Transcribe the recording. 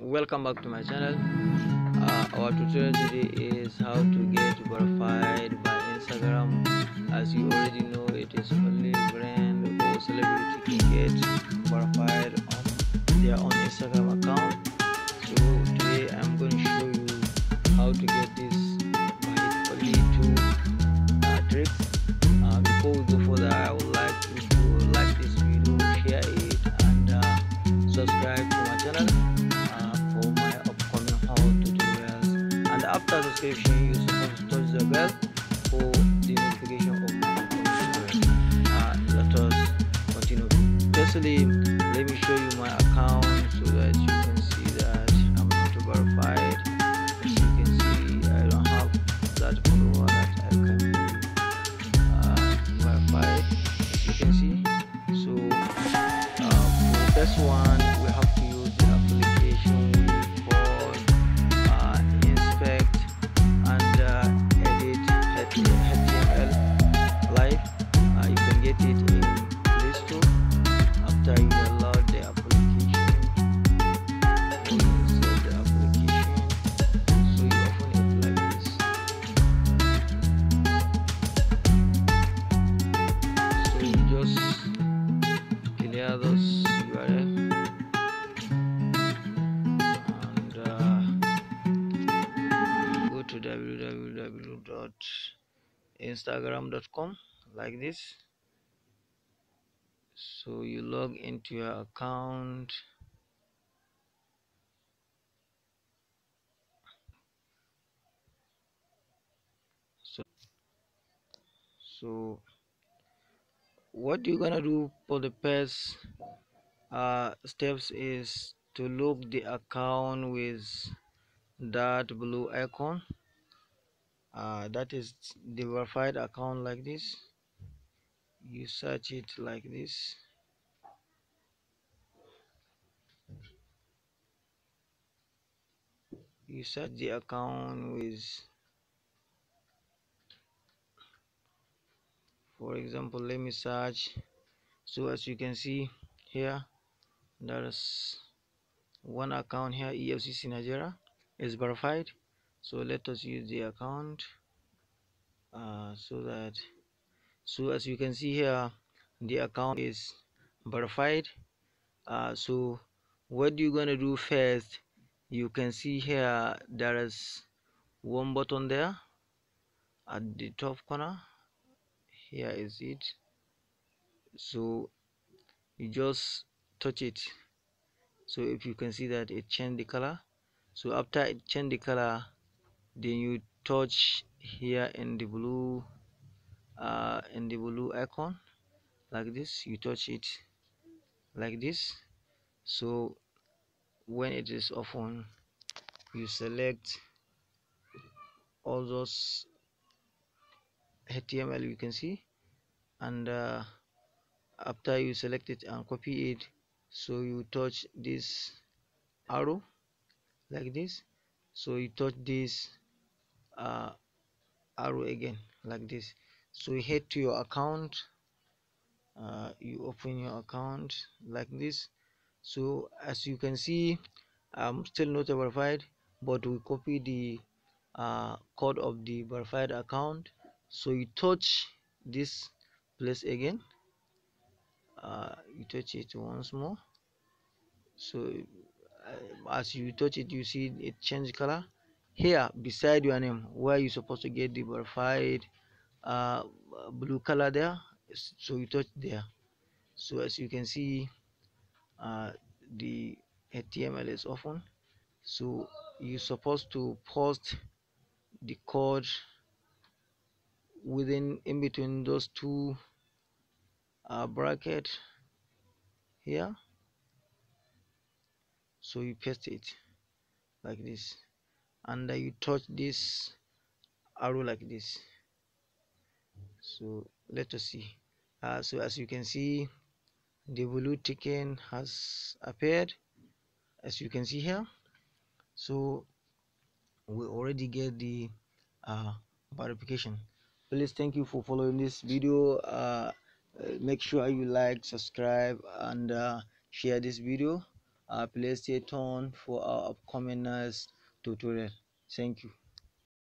welcome back to my channel uh, our tutorial today is how to get verified by instagram as you already know it is only brand or celebrity to get verified on their own instagram account so today i'm going to show you how to get this by only two uh, tricks uh, before we go further i would like you to like this video share it and uh, subscribe to my channel the description, you supposed to press the bell for the notification of my post. And let us continue. Firstly, let me show you my account so that you can see that I'm not verified. As you can see, I don't have that follower that I can be uh, verified. As you can see, so uh, for this one. www.instagram.com like this so you log into your account so so what you're gonna do for the first uh, steps is to log the account with that blue icon uh, that is the verified account like this you search it like this you search the account with for example let me search so as you can see here there's one account here efcc nigeria is verified so let us use the account uh, so that so as you can see here the account is verified uh, so what you're gonna do first you can see here there is one button there at the top corner here is it so you just touch it so if you can see that it changed the color so after it changed the color then you touch here in the blue uh, in the blue icon like this you touch it like this so when it is open you select all those html you can see and uh, after you select it and copy it so you touch this arrow like this so you touch this uh, arrow again like this so you head to your account uh, you open your account like this so as you can see I'm still not verified but we copy the uh, code of the verified account so you touch this place again uh, you touch it once more so uh, as you touch it you see it change color here beside your name where you're supposed to get the verified uh, blue color there so you touch there so as you can see uh, the HTML is open so you're supposed to post the code within in between those two uh, bracket here so you paste it like this and uh, you touch this arrow like this so let us see uh, so as you can see the blue token has appeared as you can see here so we already get the uh, verification please thank you for following this video uh, make sure you like subscribe and uh, share this video uh, please stay tuned for our upcoming news. tutorial. Thank you.